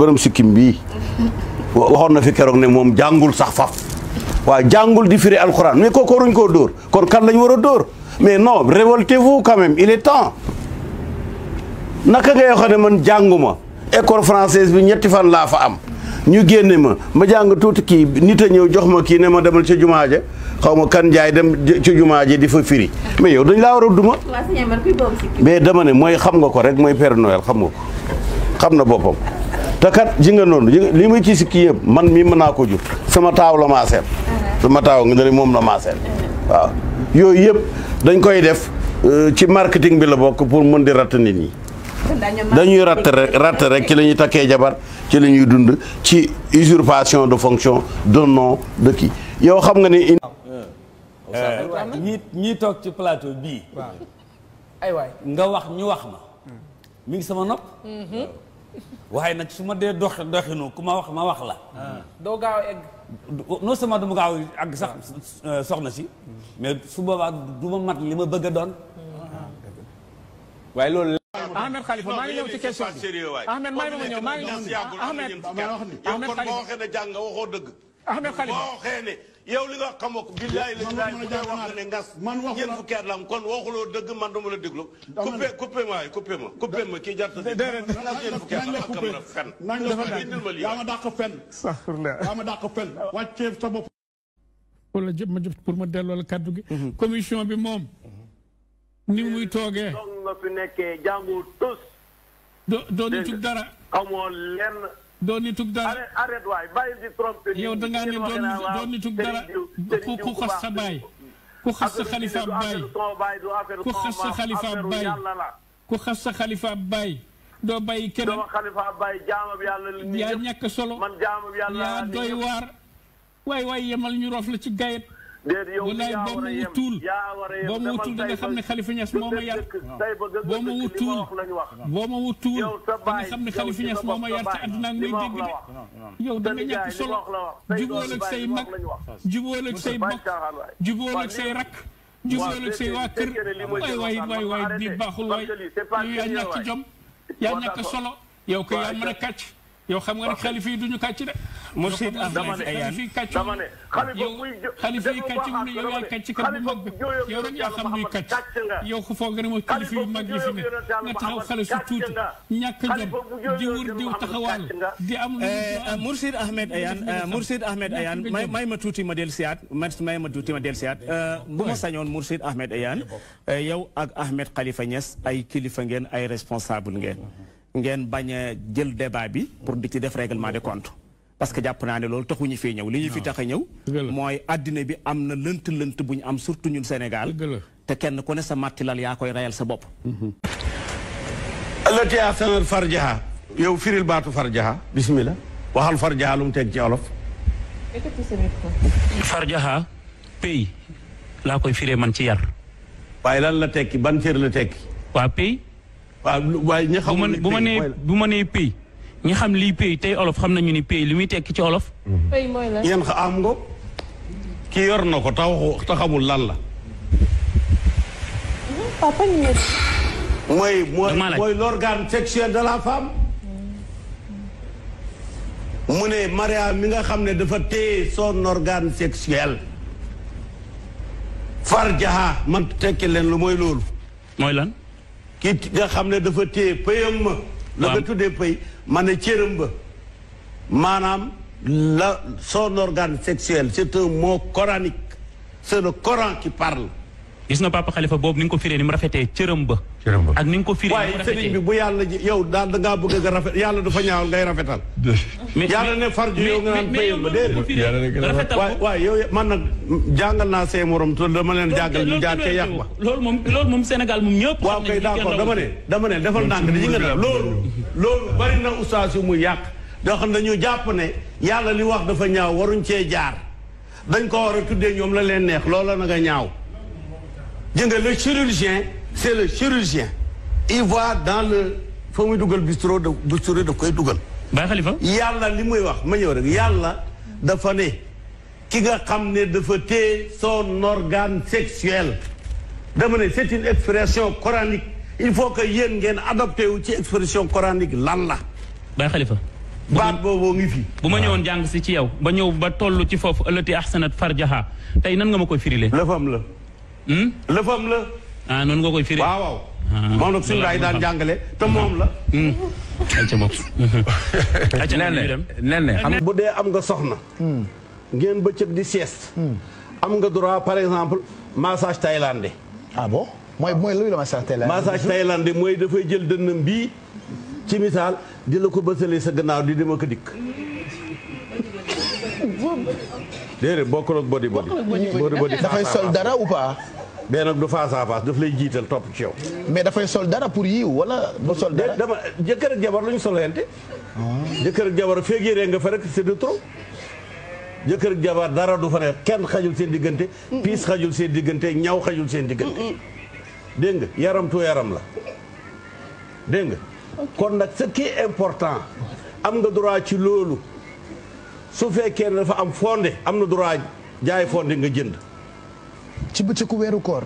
borom sikkim bii waxoon na fi keroog ne moom jàngul sax faf waa jàngul di firi alxuraan mais kooku waruñ koo dóor kon kan lañ war a dóor mais non révoltez-vous quand même il est temps naka ngay xam ne man jànguma école française bi ñetti fan laa fa am ñu génne ma ma jàng tuuti kii nit a ñëw jox ma kii ne ma demal ca jumaa ja xaw ma kan jaay dem ci jumaa ji di fa firi mais yow dañ laa war a duma mais dama ne mooy xam nga ko rek mooy Père Noël xam nga ko xam na boppam te kat ji nga noonu li ma ci sikki yëpp man mii mën naa ko jur sama taaw la maa seet uh-huh. sama taaw nga ne moom la maa uh-huh. waaw yooyu yëpp dañ koy def euh, ci marketing bi la bokk pour mën di ratt nit ñi dañuy ratt rek ratt rek ci la ñuy takkee jabar ci la ñuy dund ci usurpation de fonction de nom de yow xam nga ni eh, ñi ñi toog ci plateau bii ay waay nga wax ñu wax ma mm. mi ngi sama nopp mm-hmm. waaye nag su ma dee dox doxinu ku ma wax ma wax la. Ah. doo gaaw a egg. non seulement du ma gaaw a sax soxna si. mais su boobaa du ma mat li ma bëgg a doon. waaye loolu. Ahmed Khalifa maa ngi ñëw ci question bi Ahmed maa ngi ñëw maa ngi ñëw Ahmed. Ahmed Khalifa waxee ne jàng nga waxoo dëgg. Ahmed Khalifa yow li nga xamoo ko. billaay la ñu koy wax nga man waxu la fukki at la am kon waxuloo dëgg man dama la déglu. dama ne coupé ma coupé ma coupé ma kii jar na. déedéet nañ la coupé nañ la coupé yaa ma dàq fen. ma dàq fen wàccee sa bopp. wala jëpp ma jëpp pour ma delloo la kàddu gi. Mhm. commission bi moom. Mhm. ni muy toogee. donc nga fi nekkee jàngu tos. doo doo ñu ci dara. doon nitug dara arrête waay bàyyi di trompe yow da ngaa ne doon doon nitug dara ku ku xas sa baay ku xas xalifa baay ku baay ku yaa ñàkk solo yaa doy waar waay waay yemal ñu la ci gayet déedéet yow yaa war a yem yaa war a yem boo ma wutul da nga xam ne Khalifa Niass moo ma yar. boo ma wutul boo ma wutul da nga xam ne Khalifa Niass moo ma yar te àdduna ak may dégg de. yow da nga ñàkk solo jubóol ak say mag jubóol ak say bokk jubóol ak say rakk. jubóol ak say waa kër waay waay waay waay di baaxul waay yow yaa ñàkk jom yaa ñàkk solo yow ko yaa mën a kàcc. yow xam nga ne xalifa yi duñu kàcc de. Mursid Ahmed Ayane dama ne xalifa yi kàcc mu ne yow yaay kàcc kat bu mag bi yow rek yaa xam luy kàcc yow ko foog ne ma xalifa yu mag yi fi ne nga taxaw xale su tuuti ñàkk jom di wër diw taxawaal di am lu eh, Mursid Ahmed Ayane eh, Mursid Ahmed Ayane may may ma tuuti ma del siyaat may ma tuuti ma del siyaat eh, bu ma sañoon Mursid Ahmed Ayane yow ak Ahmed Khalifa Niass ay kilifa ngeen ay responsable ngeen ngeen bañ a jël débat bi pour di ci def règlement de compte parce que jàpp naa ne loolu taxuñu fee ñëw li ñu fi tax a ñëw mooy àddina bi am na lënt lënt bu ñu am surtout ñun Sénégal te kenn ku ne sa màttilal yaa koy reyal sa bopp ëllëtiyaa sanar yow firil baatu farjaha bismillah waxal farjaha lu mu teg ci olof farjaha pay laa koy firee man ci yar waaye lan la tekki ban cër la tekki waa pay waaw waaye ñi xam bu ma nee bu ma nee pays xam lii pays tey olof xam nañu ni pays li muy tekki ci olof. Mm-hmm. pays mooy la yéen am nga. kii yor na ko taxawu taxawul lan la. Mm-hmm. papa ñu ne. mooy mooy mooy l'organe sexuel de la femme. Mm-hmm. mu ne Maria mi nga xam ne dafa téye son organe sexuel. farjaha man tekki leen lu mooy loolu. mooy lan. ki nga xam ne dafa téye pëyam ma la ko tuddee pëy ma ne cëram ba maanaam la soo organe sexuel c'est moo mot coranique c'est le Coran qui parle gis na papa xalifa boobu ni nga ko firee ni mu rafetee cërëm ba. cërëm ba ak ni nga ko firee waaye sëriñ bi bu yàlla yow daal da ngaa rafet yàlla fa ñaawal ngay rafetal. yàlla ne nga naan man nag jàngal naa see morom te dama leen jàngal ñu jaar ca yàq ba. loolu moom moom Sénégal moom ñëpp. waaw kay d'accord dama ne dama ne defal ndànk dañu nga def loolu. loolu bari na ustaas yàq doo xam dañu jàpp ne yàlla li wax dafa ñaaw waruñ cee jaar dañ ko war a tuddee ñoom la leen neex loola na nga ñaaw jënga le chirurgien c'est le chirurgien il voit dans le fa muy dugal bistro de bistro daf koy dugal Baye Khalifa yàlla li muy wax ma ñëw rek yàlla dafa ne ki nga xam ne dafa te son organe sexuel dama ne c'est une expression coranique il faut que yéen ngeen adopté wu ci expression coranique lan la Baye Khalifa baat booboo ngi fi. bu ma ñëwoon jàng si ci yow ba ñëw ba toll ci foofu ëllëti ahsanat farjaha tey nan nga ma koy firile lëfam la Hmm? lëfam la. ah noonu nga koy firi. waaw waaw. Ah, moom nag suñu laay daan jàngale te moom la. Hmm. ayca bopp. ayca nenne nenne xam bu dee am nga soxna. Hmm. ngeen bëccëg di sieste. am nga droit par exemple massage thaïlandais. ah bon mooy mooy luy la massage thaïlandais. massage thaïlandais mooy dafay jël dënnam bii ci misaal di la ko bësalee sa gannaaw di dem ak dikk. déedéet bokkul ak body body. body body dafay sol dara ou pas. bee nag du face à face daf lay jiital topp ci yow. mais dafay sol dara pour yiw wala du sol dara dama jëkkër ak jabar lu ñu solente. jëkkër ak jabar feeg nga fa rek c'est jëkkër jabar dara du fa ne kenn xajul seen diggante. piis xajul seen diggante ñaw xajul seen diggante. dégg nga yaram tu yaram la dégg nga. kon nag ce qui important am nga droit ci loolu su fekkee ne dafa am fondé am na droit jaay fondé nga jënd. ci bëccëgu weeru koor.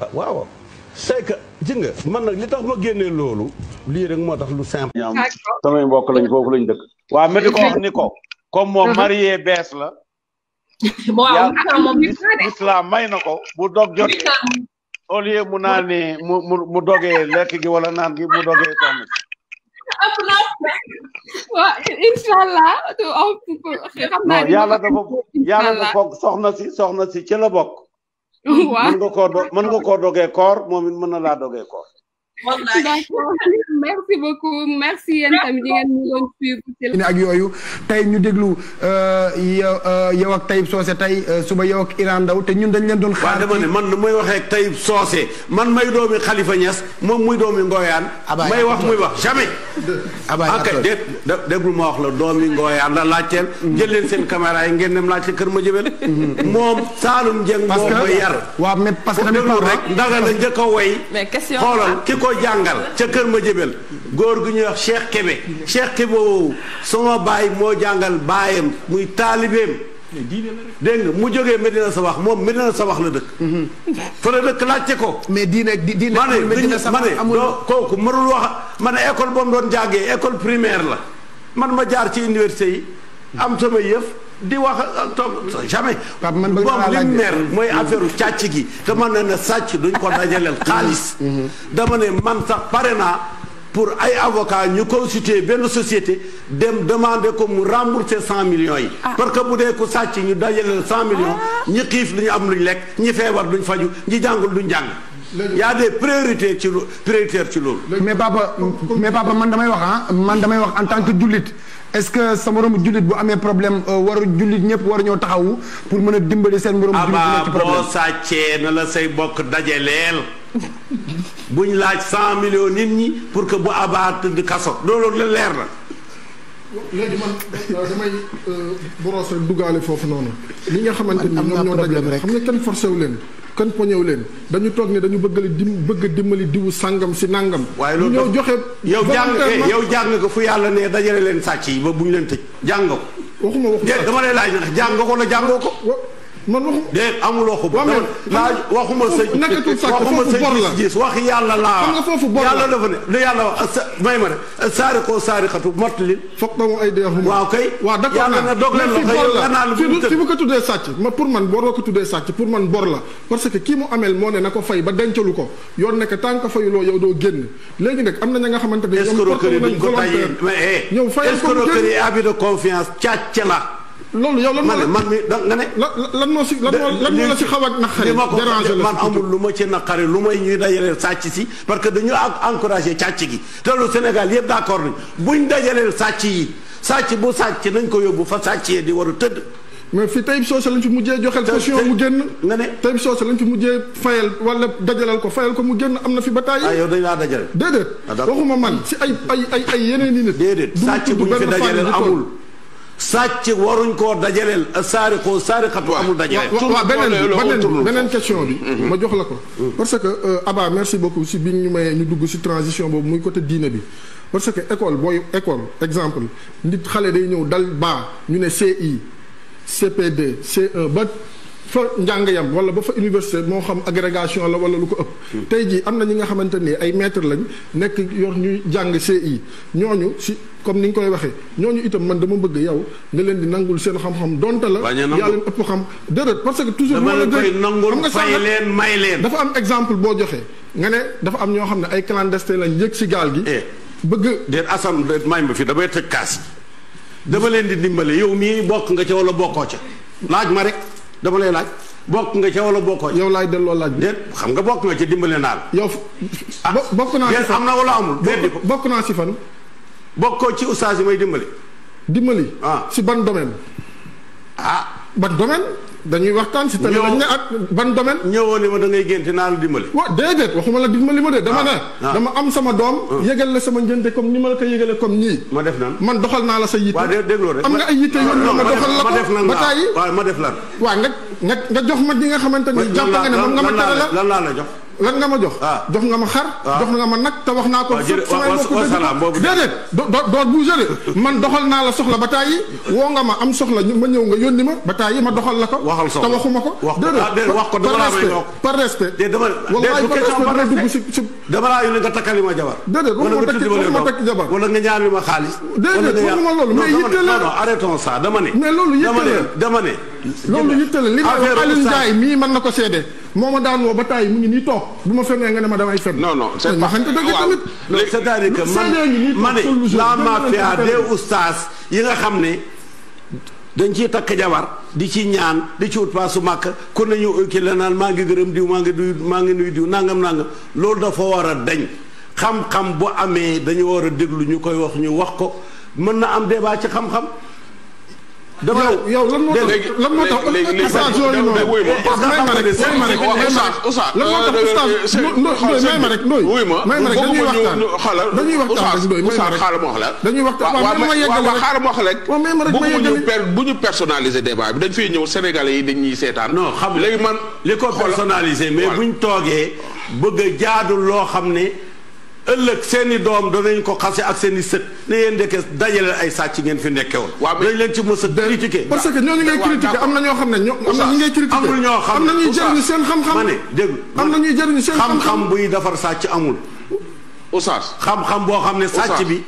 Ah, waaw c'est que ji man nag li tax ma génnee loolu lii rek moo tax lu simple. ñaam samay mbokk lañ foofu lañ dëkk. waa métti ko wax ni ko. comme moom uh-huh. marié bees la. waaw moom may na ko bu dog jot. au lieu mu naan mu dogee lekk gi wala naan gi mu dogee tamit. waaw allah. yàlla dafa yàlla dafa soxna si soxna si ci la bokk. waaw mën nga koo do mën nga koo dogee koor moom mën na laa dogee koor. d'accord merci beaucoup merci yéen tamit yi ngeen ñu ak yooyu tey ñu déglu euh, euh, yow ak Taïb Socé tey euh, suba yow ak Ndaw te ñun dañ leen doon xaar dama ne man mooy waxee ak Taïb Socé man may doomi xalifa Niass moom muy doomi Ngoyaan may wax muy wax jamais aka ah, dé déglu ma wax la doomi Ngoyaan la laajteel mm-hmm. jël leen seen caméra yi ngeen dem laaj la kër ma jëbel mm-hmm. moom Saalum Dieng moo ko yar waaw mais parce que déglu rek ndaga la njëkk way xoolal ki ko ko jàngal ca kër ma jëbel góor gu ñuy wax Cheikh Kébé Cheikh Kébé woowu sama baay moo jàngal baayam muy taalibeem dégg nga mu jógee Medina Sabax moom Medina Sabax la dëkk. fa la dëkk laajte ko. mais diine diine amul Medina Sabax amul ma ne kooku mënul ma ne école boobu doon jàngee école primaire la man ma jaar ci université yi. am sama yëf di wax toog jamais. Pape man bëgg naa la mer mooy mm-hmm. affaire càcc gi. te man na ne sàcc duñ ko dajaleel mm-hmm. xaalis. Mm-hmm. dama ne man sax pare naa pour ay avocat ñu constituer benn société dem demander ko mu rembourser cent millions yi. Ah. parce que bu dee ku sàcc ñu dajaleel cent millions. Ah. ñi xiif duñu am luñ lekk ñi feebar duñ faju ñi jàngul duñ jàng. y a des ci loolu ci loolu. mais papa mais papa man damay wax ah man damay wax en tant que jullit. est-ce que sa moromu jullit bu amee problème euh, war jullit ñëpp war ñoo taxawu pour mën a dimbali seen moromu jullit nekk ci problème boo sàccee na la say bokk dajaleel buñ laaj cent millions nit ñi pour que bu abaat di kaso loolu la leer na. léegi man damay euh, boros duggaale foofu noonu. li nga xamante ni ñoom ñoo rek xam nga kenn forcé wu leen. kenn poñew leen dañu toog ne dañu bëgg a a dimbali diwu sàngam si nàngam waaye loolu ñëw joxe yow jàng eh, yow jàng ko fu yàlla ne dajale leen sàcc yi ba bu ñu leen tëj jàng ko waxuma waxuma dama lay laaj na jàng ko la jàngoo ko man waxu déet amuloo xub. laaj waxuma sëñ. nekkatu sàkk foofu bor la waxuma sëñ gis wax yàlla laa. foofu bor la yàlla dafa ne li yàlla wax li. foog ba mu ay d' accord yàlla na dog leen ko tuddee sàcc pour man boroo ko tuddee sàcc pour man bor la parce que kii mu ameel moo ne na ko fay ba dencalu ko yoon nekk tant que fayuloo yow doo génn léegi nag am na ña nga xamante ne. escroquerie duñ ko tayee ko mu génn càcc la loolu yow lan moo man mi da nga ne. lan moo si lan moo lan moo la si xaw a naqari. déranger la man amul lu ma ci naqari lu may ñuy dajaleel sàcc si parce que dañu encouragé càcc gi te lu Sénégal yëpp d'accord nañ buñ dajaleel sàcc yi sàcc bu sàcc nañ ko yóbbu fa sàcc yee di war a tëdd. mais fi Taïb Socé lañ fi mujjee joxel caution mu génn nga ne Taïb Socé lañ fi mujjee fayal wala dajalal ko fayal ko mu génn am na fi ba tàyyi ah, yow dañ laa dajale déedéet ah, waxuma man si ay ay ay ay yeneen i nit déedéet sàcc bu ñu fi dajaleel amul sàcc waruñ koo dajaleel saariqoo saariqatu amul dajaleel waaw beneen beneen question bi mhm. ma jox la ko mhm. parce que euh, Abba merci beaucoup si bi ñu mayee ñu dugg si transition boobu muy côté diine bi parce que école booy école exemple nit xale day ñëw dal baa ñu ne CI CP2 C1 e fa njàng yam wala ba fa université moo xam agrégation la wala lu ko ëpp. Hmm. tey jii am na ñi nga xamante ni ay maître lañ nekk yor ñuy jàng CI ñooñu si comme ni nga koy waxee ñooñu itam man dama bëgg yow nga leen di nangul seen xam-xam donte la. yaa leen ëpp xam dërët parce que toujours. moo la koy nangul fay leen may leen dafa am exemple boo joxe nga ne dafa am ñoo xam ne ay clandestin lañ yëg si gaal gi. Eh. bëgg déet Assane déet may ma fi damay tëj kaas dama leen di dimbale yow mii bokk nga ca wala bokkoo ca laaj ma rek. dama lay laaj bokk nga ca wala bokkoo yow laay delloo laaj bi déet xam nga bokk nga ca dimbale naa la yow ah, bokk naa si fan am na wala amul déet bokk naa si fan bokkoo ci ustaas yi may dimbali dimbali ah si ban domaine ah ban domaine dañuy waxtaan si tali lañ ne ak ban domaine. ñëwoo ni ma da ngay génte naa la dimbali. waaw déedéet waxuma la dimbali ma de. dama ah, ne ah. dama am sama doom. Ah. yëgal la sama njënte comme ni ma la ko yëgalee comme nii. ma def nan man doxal naa la sa yitte. waaw dégloo am nga ay yitte yoon ma doxal la ko ba taay. waaw ma def lan waaw nga nga nga jox ma li nga xamante ni jàpp nga ne moom nga ma tere la lan laa la jox lan nga ma jox. Ah. jox nga ma xar. Ah. jox nga ma nag te wax naa ko. waaw déedéet doo doo bougé de man doxal naa la soxla ba taay yi woo nga ma am soxla ma ñëw nga yónni ma ba taay yi ma doxal la ko. waxal soxla te waxuma ko. Ah, déedéet wax ko dama laa may wax par respect. déedéet dama la dugg si si. dama laa yónni nga takkal li ma jabar. déedéet waxuma takk jabar wala nga ñaan li ma xaalis. déedéet waxuma loolu mais yitte la non non arrêtons ça dama ne. mais loolu yitte la dama ne dama ne. loolu yitte la li ma wax Alioune Ndiaye mii mën na ko seede moo ma daan woo ba tàyyi mu ngi nii toog bu ma fenee nga ne ma damay fen. non non c' est pas waaw léegi c' est à dire que man la mafia des oustaz yi nga xam ne dañ ciy takk jabar di ci ñaan di ci wut paasu màkk kon nañu kii la naan maa ngi gërëm diw maa ngi nuyu maa ngi nuyu diw nangam nangam loolu dafa war a dañ xam-xam bu amee dañu war a déglu ñu koy wax ñu wax ko mën na am débat ci xam-xam. dama yow lan moo tax lan moo tax oustaz yooyu noonu may ma rek may ma rek lan moo tax oustaz euh, euh, ndooy may ma rek ndooy may ma rek dañuy waxtaan dañuy waxtaan rek ndooy may ma rek dañuy waxtaan waaw ma yeggal rek xaaral ma wax rek waaw may ma rek ma bu ñu personnaliser débat bi dañ fiy ñëw sénégalais yi dañuy seetaan non xam léegi man li ko personnaliser mais buñ toogee bëgg jaadu loo xam ne ëllëg seen i doom danañ ko xase ak seen i sët ne yéen ndeke dajaleel ay sàcc ngeen fi nekke woon dañ leen a critiquer parce que ñooñu ngay critiquer am na ñoo xam ne am na ñi ngay critiquer amul ñoo xam ne am xam-xam buy defar sàcc amul oustaz xam-xam boo xam ne sàcc bi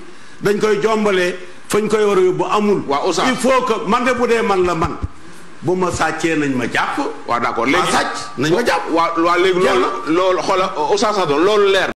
dañ koy jombalee fañ koy war a yóbbu amul waaw oustaz il man de bu dee man la man bu ma sàccee nañ ma jàpp waaw d'accord léegi sàcc nañ ma jàpp waaw waaw léegi loolu loolu leer